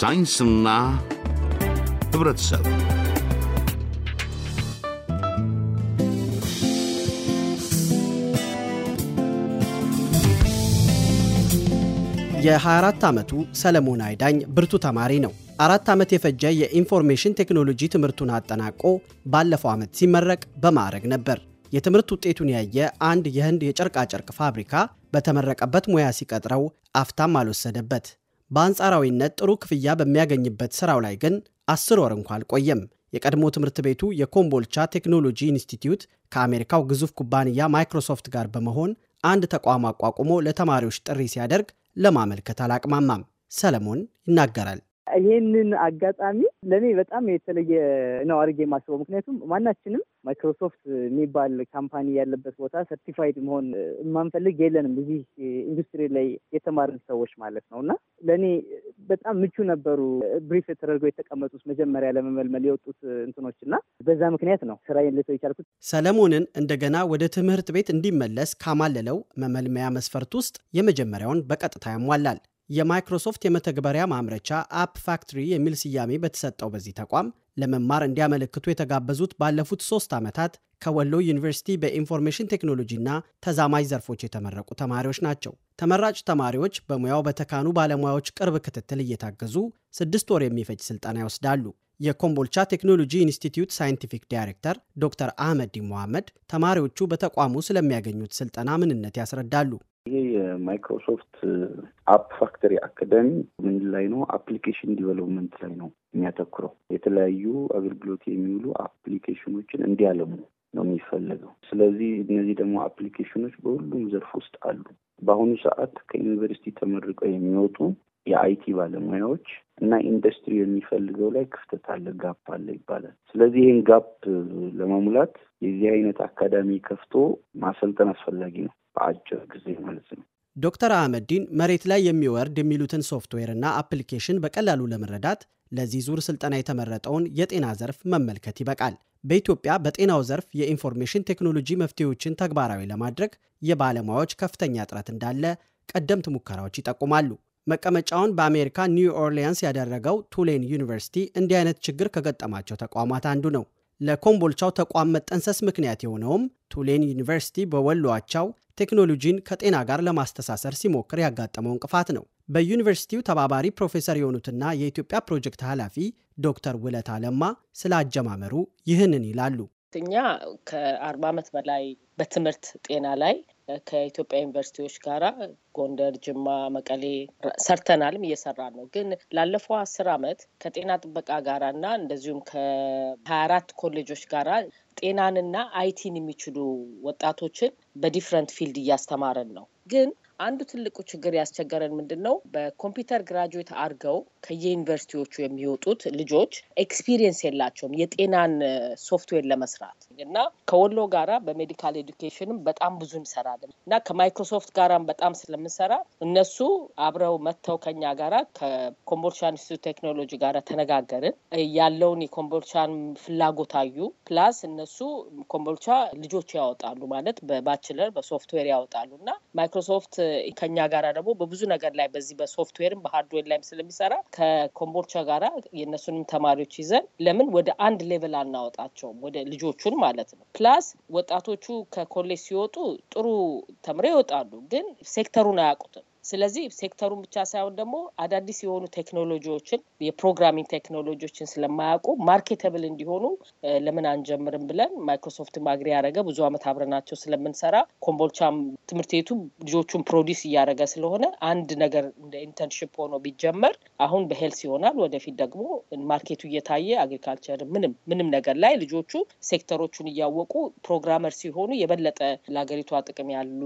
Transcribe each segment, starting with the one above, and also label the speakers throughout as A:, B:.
A: ሳይንስና ህብረተሰብ
B: የ24 ዓመቱ ሰለሞን አይዳኝ ብርቱ ተማሪ ነው። አራት ዓመት የፈጀ የኢንፎርሜሽን ቴክኖሎጂ ትምህርቱን አጠናቆ ባለፈው ዓመት ሲመረቅ በማዕረግ ነበር። የትምህርት ውጤቱን ያየ አንድ የህንድ የጨርቃጨርቅ ፋብሪካ በተመረቀበት ሙያ ሲቀጥረው አፍታም አልወሰደበት። በአንጻራዊነት ጥሩ ክፍያ በሚያገኝበት ሥራው ላይ ግን አስር ወር እንኳ አልቆየም። የቀድሞ ትምህርት ቤቱ የኮምቦልቻ ቴክኖሎጂ ኢንስቲትዩት ከአሜሪካው ግዙፍ ኩባንያ ማይክሮሶፍት ጋር በመሆን አንድ ተቋም አቋቁሞ ለተማሪዎች ጥሪ ሲያደርግ ለማመልከት አላቅማማም። ሰለሞን ይናገራል።
A: ይሄንን አጋጣሚ ለእኔ በጣም የተለየ ነው አድርጌ የማስበው። ምክንያቱም ማናችንም ማይክሮሶፍት የሚባል ካምፓኒ ያለበት ቦታ ሰርቲፋይድ መሆን የማንፈልግ የለንም እዚህ ኢንዱስትሪ ላይ የተማርን ሰዎች ማለት ነው። እና ለእኔ በጣም ምቹ ነበሩ ብሪፍ ተደርገው የተቀመጡት መጀመሪያ ለመመልመል የወጡት እንትኖች እና በዛ ምክንያት ነው ስራዬን ልተው የቻልኩት።
B: ሰለሞንን እንደገና ወደ ትምህርት ቤት እንዲመለስ ካማለለው መመልመያ መስፈርት ውስጥ የመጀመሪያውን በቀጥታ ያሟላል። የማይክሮሶፍት የመተግበሪያ ማምረቻ አፕ ፋክትሪ የሚል ስያሜ በተሰጠው በዚህ ተቋም ለመማር እንዲያመለክቱ የተጋበዙት ባለፉት ሶስት ዓመታት ከወሎ ዩኒቨርሲቲ በኢንፎርሜሽን ቴክኖሎጂና ተዛማጅ ዘርፎች የተመረቁ ተማሪዎች ናቸው። ተመራጭ ተማሪዎች በሙያው በተካኑ ባለሙያዎች ቅርብ ክትትል እየታገዙ ስድስት ወር የሚፈጅ ስልጠና ይወስዳሉ። የኮምቦልቻ ቴክኖሎጂ ኢንስቲትዩት ሳይንቲፊክ ዳይሬክተር ዶክተር አህመዲ ሞሐመድ ተማሪዎቹ በተቋሙ ስለሚያገኙት ስልጠና ምንነት ያስረዳሉ።
A: የማይክሮሶፍት አፕ ፋክተሪ አካዳሚ ምን ላይ ነው? አፕሊኬሽን ዲቨሎፕመንት ላይ ነው የሚያተኩረው። የተለያዩ አገልግሎት የሚውሉ አፕሊኬሽኖችን እንዲያለሙ ነው የሚፈለገው። ስለዚህ እነዚህ ደግሞ አፕሊኬሽኖች በሁሉም ዘርፍ ውስጥ አሉ። በአሁኑ ሰዓት ከዩኒቨርሲቲ ተመርቀው የሚወጡ የአይቲ ባለሙያዎች እና ኢንዱስትሪ የሚፈልገው ላይ ክፍተት አለ፣ ጋፕ አለ ይባላል። ስለዚህ ይህን ጋፕ ለመሙላት የዚህ አይነት አካዳሚ ከፍቶ ማሰልጠን አስፈላጊ ነው፣ በአጭር ጊዜ ማለት ነው።
B: ዶክተር አህመዲን መሬት ላይ የሚወርድ የሚሉትን ሶፍትዌርና አፕሊኬሽን በቀላሉ ለመረዳት ለዚህ ዙር ስልጠና የተመረጠውን የጤና ዘርፍ መመልከት ይበቃል። በኢትዮጵያ በጤናው ዘርፍ የኢንፎርሜሽን ቴክኖሎጂ መፍትሄዎችን ተግባራዊ ለማድረግ የባለሙያዎች ከፍተኛ እጥረት እንዳለ ቀደምት ሙከራዎች ይጠቁማሉ። መቀመጫውን በአሜሪካ ኒው ኦርሊያንስ ያደረገው ቱሌን ዩኒቨርሲቲ እንዲህ አይነት ችግር ከገጠማቸው ተቋማት አንዱ ነው። ለኮምቦልቻው ተቋም መጠንሰስ ምክንያት የሆነውም ቱሌን ዩኒቨርሲቲ በወሎ ቴክኖሎጂን ከጤና ጋር ለማስተሳሰር ሲሞክር ያጋጠመው እንቅፋት ነው። በዩኒቨርሲቲው ተባባሪ ፕሮፌሰር የሆኑትና የኢትዮጵያ ፕሮጀክት ኃላፊ ዶክተር ውለታ ለማ ስለ አጀማመሩ ይህንን ይላሉ።
C: እኛ ከአርባ ዓመት በላይ በትምህርት ጤና ላይ ከኢትዮጵያ ዩኒቨርሲቲዎች ጋራ ጎንደር፣ ጅማ፣ መቀሌ ሰርተናልም እየሰራን ነው። ግን ላለፈው አስር አመት ከጤና ጥበቃ እና እንደዚሁም ከሀያ አራት ኮሌጆች ጋራ ጤናንና አይቲን የሚችሉ ወጣቶችን በዲፍረንት ፊልድ እያስተማረን ነው። ግን አንዱ ትልቁ ችግር ያስቸገረን ምንድን ነው? በኮምፒውተር ግራጁዌት አድርገው ከየዩኒቨርሲቲዎቹ የሚወጡት ልጆች ኤክስፒሪየንስ የላቸውም የጤናን ሶፍትዌር ለመስራት እና ከወሎ ጋራ በሜዲካል ኤዱኬሽንም በጣም ብዙ እንሰራለን እና ከማይክሮሶፍት ጋራም በጣም ስለምን ስለምንሰራ እነሱ አብረው መጥተው ከኛ ጋራ ከኮምቦልቻ ኢንስቲትዩት ቴክኖሎጂ ጋር ተነጋገርን። ያለውን የኮምቦልቻን ፍላጎት አዩ። ፕላስ እነሱ ኮምቦልቻ ልጆች ያወጣሉ ማለት በባችለር በሶፍትዌር ያወጣሉ እና ማይክሮሶፍት ከኛ ጋራ ደግሞ በብዙ ነገር ላይ በዚህ በሶፍትዌርም በሃርድዌር ላይም ስለሚሰራ ከኮምቦልቻ ጋራ የእነሱንም ተማሪዎች ይዘን ለምን ወደ አንድ ሌቭል አናወጣቸውም? ወደ ልጆቹን ማለት ነው። ፕላስ ወጣቶቹ ከኮሌጅ ሲወጡ ጥሩ ተምረው ይወጣሉ፣ ግን ሴክተሩን უნდა აკვდო. ስለዚህ ሴክተሩን ብቻ ሳይሆን ደግሞ አዳዲስ የሆኑ ቴክኖሎጂዎችን የፕሮግራሚንግ ቴክኖሎጂዎችን ስለማያውቁ ማርኬተብል እንዲሆኑ ለምን አንጀምርም ብለን ማይክሮሶፍት ማግሪ ያደረገ ብዙ ዓመት አብረናቸው ስለምንሰራ ኮምቦልቻም ትምህርት ቤቱ ልጆቹን ፕሮዲስ እያደረገ ስለሆነ አንድ ነገር እንደ ኢንተርንሽፕ ሆኖ ቢጀመር አሁን በሄልስ ይሆናል። ወደፊት ደግሞ ማርኬቱ እየታየ አግሪካልቸር ምንም ምንም ነገር ላይ ልጆቹ ሴክተሮቹን እያወቁ ፕሮግራመር ሲሆኑ የበለጠ ለሀገሪቷ ጥቅም ያሉ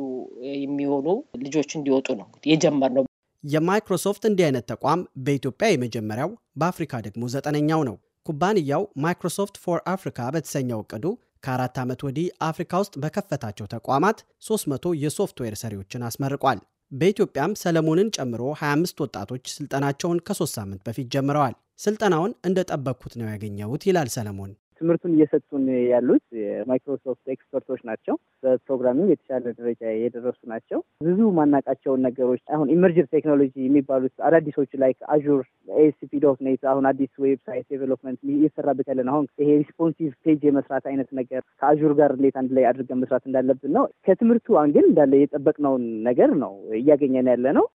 C: የሚሆኑ ልጆች እንዲወጡ ነው።
B: የጀመርነው። የማይክሮሶፍት እንዲህ አይነት ተቋም በኢትዮጵያ የመጀመሪያው በአፍሪካ ደግሞ ዘጠነኛው ነው። ኩባንያው ማይክሮሶፍት ፎር አፍሪካ በተሰኘው እቅዱ ከአራት ዓመት ወዲህ አፍሪካ ውስጥ በከፈታቸው ተቋማት 300 የሶፍትዌር ሰሪዎችን አስመርቋል። በኢትዮጵያም ሰለሞንን ጨምሮ 25 ወጣቶች ስልጠናቸውን ከሶስት ሳምንት በፊት ጀምረዋል። ስልጠናውን ጠበቅኩት ነው ያገኘሁት ይላል ሰለሞን።
A: ትምህርቱን እየሰጡን ያሉት የማይክሮሶፍት ኤክስፐርቶች ናቸው። በፕሮግራሚንግ የተሻለ ደረጃ የደረሱ ናቸው። ብዙ ማናቃቸውን ነገሮች አሁን ኢመርጅር ቴክኖሎጂ የሚባሉት አዳዲሶች ላይ አዙር፣ ኤስፒ ዶት ኔት አሁን አዲስ ዌብሳይት ዴቨሎፕመንት እየተሰራበት ያለን አሁን ይሄ ሪስፖንሲቭ ፔጅ የመስራት አይነት ነገር ከአዙር ጋር እንዴት አንድ ላይ አድርገን መስራት እንዳለብን ነው። ከትምህርቱ አንግል እንዳለ የጠበቅነውን ነገር ነው እያገኘን ያለ ነው።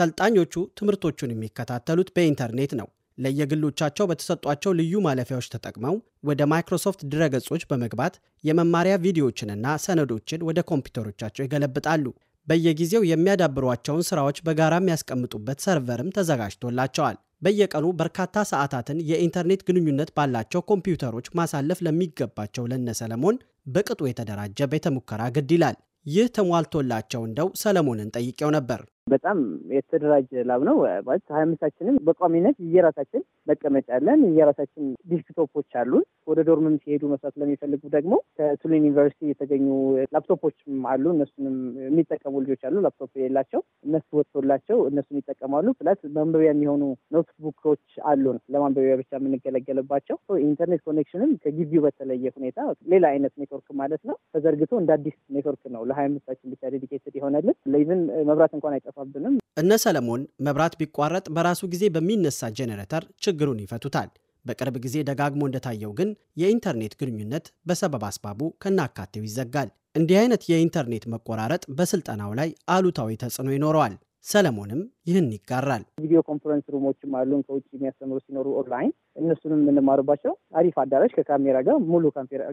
B: ሰልጣኞቹ ትምህርቶቹን የሚከታተሉት በኢንተርኔት ነው። ለየግሎቻቸው በተሰጧቸው ልዩ ማለፊያዎች ተጠቅመው ወደ ማይክሮሶፍት ድረገጾች በመግባት የመማሪያ ቪዲዮዎችንና ሰነዶችን ወደ ኮምፒውተሮቻቸው ይገለብጣሉ። በየጊዜው የሚያዳብሯቸውን ስራዎች በጋራ የሚያስቀምጡበት ሰርቨርም ተዘጋጅቶላቸዋል። በየቀኑ በርካታ ሰዓታትን የኢንተርኔት ግንኙነት ባላቸው ኮምፒውተሮች ማሳለፍ ለሚገባቸው ለነ ሰለሞን በቅጡ የተደራጀ ቤተ ሙከራ ግድ ይላል። ይህ ተሟልቶላቸው እንደው ሰለሞንን ጠይቄው ነበር።
A: በጣም የተደራጀ ላብ ነው። ማለት ሀያ አምስታችንም በቋሚነት የራሳችን መቀመጫ አለን፣ እየራሳችን ዲስክቶፖች አሉን። ወደ ዶርምም ሲሄዱ መስራት ለሚፈልጉ ደግሞ ከቱሊን ዩኒቨርሲቲ የተገኙ ላፕቶፖች አሉ። እነሱንም የሚጠቀሙ ልጆች አሉ፣ ላፕቶፕ የሌላቸው እነሱ ወጥቶላቸው እነሱን ይጠቀማሉ። ፕላስ መንበቢያ የሚሆኑ ኖትቡኮች አሉን፣ ለማንበቢያ ብቻ የምንገለገልባቸው። ኢንተርኔት ኮኔክሽንም ከግቢው በተለየ ሁኔታ ሌላ አይነት ኔትወርክ ማለት ነው ተዘርግቶ እንደ አዲስ ኔትወርክ ነው ለሀያ አምስታችን ብቻ ዴዲኬትድ የሆነልን ለይዝን መብራት እንኳን አይጠፋ አያጠፋብንም።
B: እነ ሰለሞን መብራት ቢቋረጥ በራሱ ጊዜ በሚነሳ ጄኔሬተር ችግሩን ይፈቱታል። በቅርብ ጊዜ ደጋግሞ እንደታየው ግን የኢንተርኔት ግንኙነት በሰበብ አስባቡ ከናካቴው ይዘጋል። እንዲህ አይነት የኢንተርኔት መቆራረጥ በስልጠናው ላይ አሉታዊ ተጽዕኖ ይኖረዋል። ሰለሞንም ይህን ይጋራል።
A: ቪዲዮ ኮንፈረንስ ሩሞችም አሉን ከውጭ የሚያስተምሩ ሲኖሩ ኦንላይን እነሱንም የምንማሩባቸው አሪፍ አዳራሽ ከካሜራ ጋር ሙሉ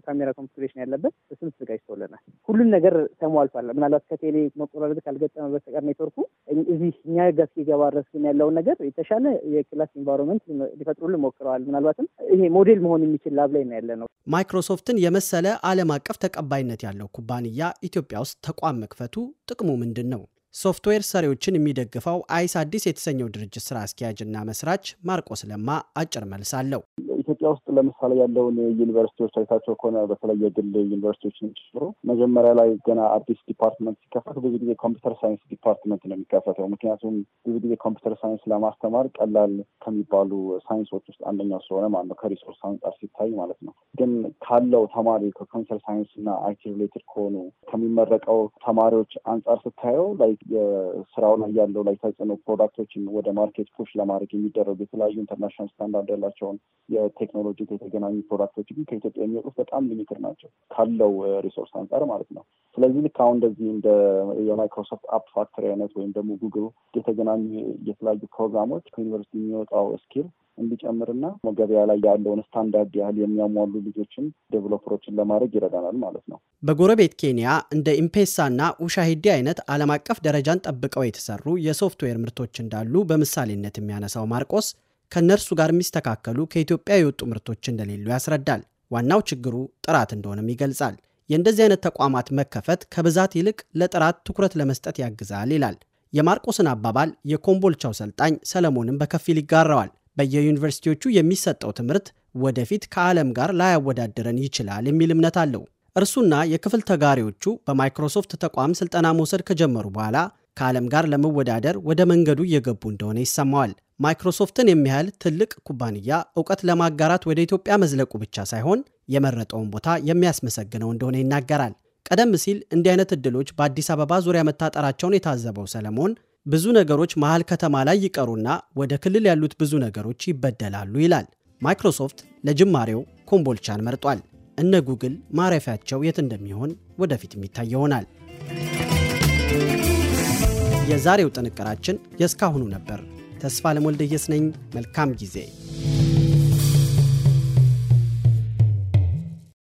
A: ካሜራ ኮንፊግሬሽን ያለበት እሱም ተዘጋጅቶልናል። ሁሉን ነገር ተሟልቷል። ምናልባት ከቴሌ መቆራረጥ ካልገጠመ በስተቀር ኔትወርኩ እዚህ እኛ ጋር እስኪገባ ድረስ ግን ያለውን ነገር የተሻለ የክላስ ኢንቫይሮንመንት ሊፈጥሩልን ሞክረዋል። ምናልባትም ይሄ ሞዴል መሆን የሚችል ላብ ላይ ነው ያለ ነው።
B: ማይክሮሶፍትን የመሰለ ዓለም አቀፍ ተቀባይነት ያለው ኩባንያ ኢትዮጵያ ውስጥ ተቋም መክፈቱ ጥቅሙ ምንድን ነው? ሶፍትዌር ሰሪዎችን የሚደግፈው አይስ አዲስ የተሰኘው ድርጅት ስራ አስኪያጅና መስራች ማርቆስ ለማ አጭር መልስ አለው።
A: ኢትዮጵያ ውስጥ ለምሳሌ ያለውን ዩኒቨርሲቲዎች ታይታቸው ከሆነ በተለይ የግል ዩኒቨርሲቲዎችን ጨምሮ መጀመሪያ ላይ ገና አዲስ ዲፓርትመንት ሲከፈት ብዙ ጊዜ ኮምፒውተር ሳይንስ ዲፓርትመንት ነው የሚከፈተው። ምክንያቱም ብዙ ጊዜ ኮምፒውተር ሳይንስ ለማስተማር ቀላል ከሚባሉ ሳይንሶች ውስጥ አንደኛው ስለሆነ ማለት ነው፣ ከሪሶርስ አንጻር ሲታይ ማለት ነው። ግን ካለው ተማሪ ከኮምፒውተር ሳይንስ እና አይቲ ሪሌትድ ከሆኑ ከሚመረቀው ተማሪዎች አንጻር ስታየው ላይ የስራው ላይ ያለው ላይ ተጽዕኖ ፕሮዳክቶችን ወደ ማርኬት ፑሽ ለማድረግ የሚደረጉ የተለያዩ ኢንተርናሽናል ስታንዳርድ ያላቸውን የቴክኖሎጂ የተገናኙ ፕሮዳክቶች ግን ከኢትዮጵያ የሚወጡት በጣም ሊሚትድ ናቸው ካለው uh, ሪሶርስ አንጻር ማለት ነው። ስለዚህ ልክ አሁን እንደዚህ እንደ የማይክሮሶፍት አፕ ፋክተሪ አይነት ወይም ደግሞ ጉግል የተገናኙ የተለያዩ ፕሮግራሞች ከዩኒቨርሲቲ የሚወጣው ስኪል እንዲጨምርና ገበያ ላይ ያለውን ስታንዳርድ ያህል የሚያሟሉ ልጆችን ዴቨሎፐሮችን ለማድረግ ይረዳናል ማለት ነው።
B: በጎረቤት ኬንያ እንደ ኢምፔሳና ኡሻሂዲ አይነት ዓለም አቀፍ ደረጃን ጠብቀው የተሰሩ የሶፍትዌር ምርቶች እንዳሉ በምሳሌነት የሚያነሳው ማርቆስ ከእነርሱ ጋር የሚስተካከሉ ከኢትዮጵያ የወጡ ምርቶች እንደሌሉ ያስረዳል። ዋናው ችግሩ ጥራት እንደሆነም ይገልጻል። የእንደዚህ አይነት ተቋማት መከፈት ከብዛት ይልቅ ለጥራት ትኩረት ለመስጠት ያግዛል ይላል። የማርቆስን አባባል የኮምቦልቻው ሰልጣኝ ሰለሞንም በከፊል ይጋራዋል። በየዩኒቨርሲቲዎቹ የሚሰጠው ትምህርት ወደፊት ከዓለም ጋር ላያወዳድረን ይችላል የሚል እምነት አለው። እርሱና የክፍል ተጋሪዎቹ በማይክሮሶፍት ተቋም ስልጠና መውሰድ ከጀመሩ በኋላ ከዓለም ጋር ለመወዳደር ወደ መንገዱ እየገቡ እንደሆነ ይሰማዋል። ማይክሮሶፍትን የሚያህል ትልቅ ኩባንያ እውቀት ለማጋራት ወደ ኢትዮጵያ መዝለቁ ብቻ ሳይሆን የመረጠውን ቦታ የሚያስመሰግነው እንደሆነ ይናገራል። ቀደም ሲል እንዲህ አይነት ዕድሎች በአዲስ አበባ ዙሪያ መታጠራቸውን የታዘበው ሰለሞን ብዙ ነገሮች መሀል ከተማ ላይ ይቀሩና ወደ ክልል ያሉት ብዙ ነገሮች ይበደላሉ ይላል። ማይክሮሶፍት ለጅማሬው ኮምቦልቻን መርጧል። እነ ጉግል ማረፊያቸው የት እንደሚሆን ወደፊት የሚታይ ይሆናል። የዛሬው ጥንቅራችን የእስካሁኑ ነበር። ተስፋ ለሞልደየስ ነኝ። መልካም ጊዜ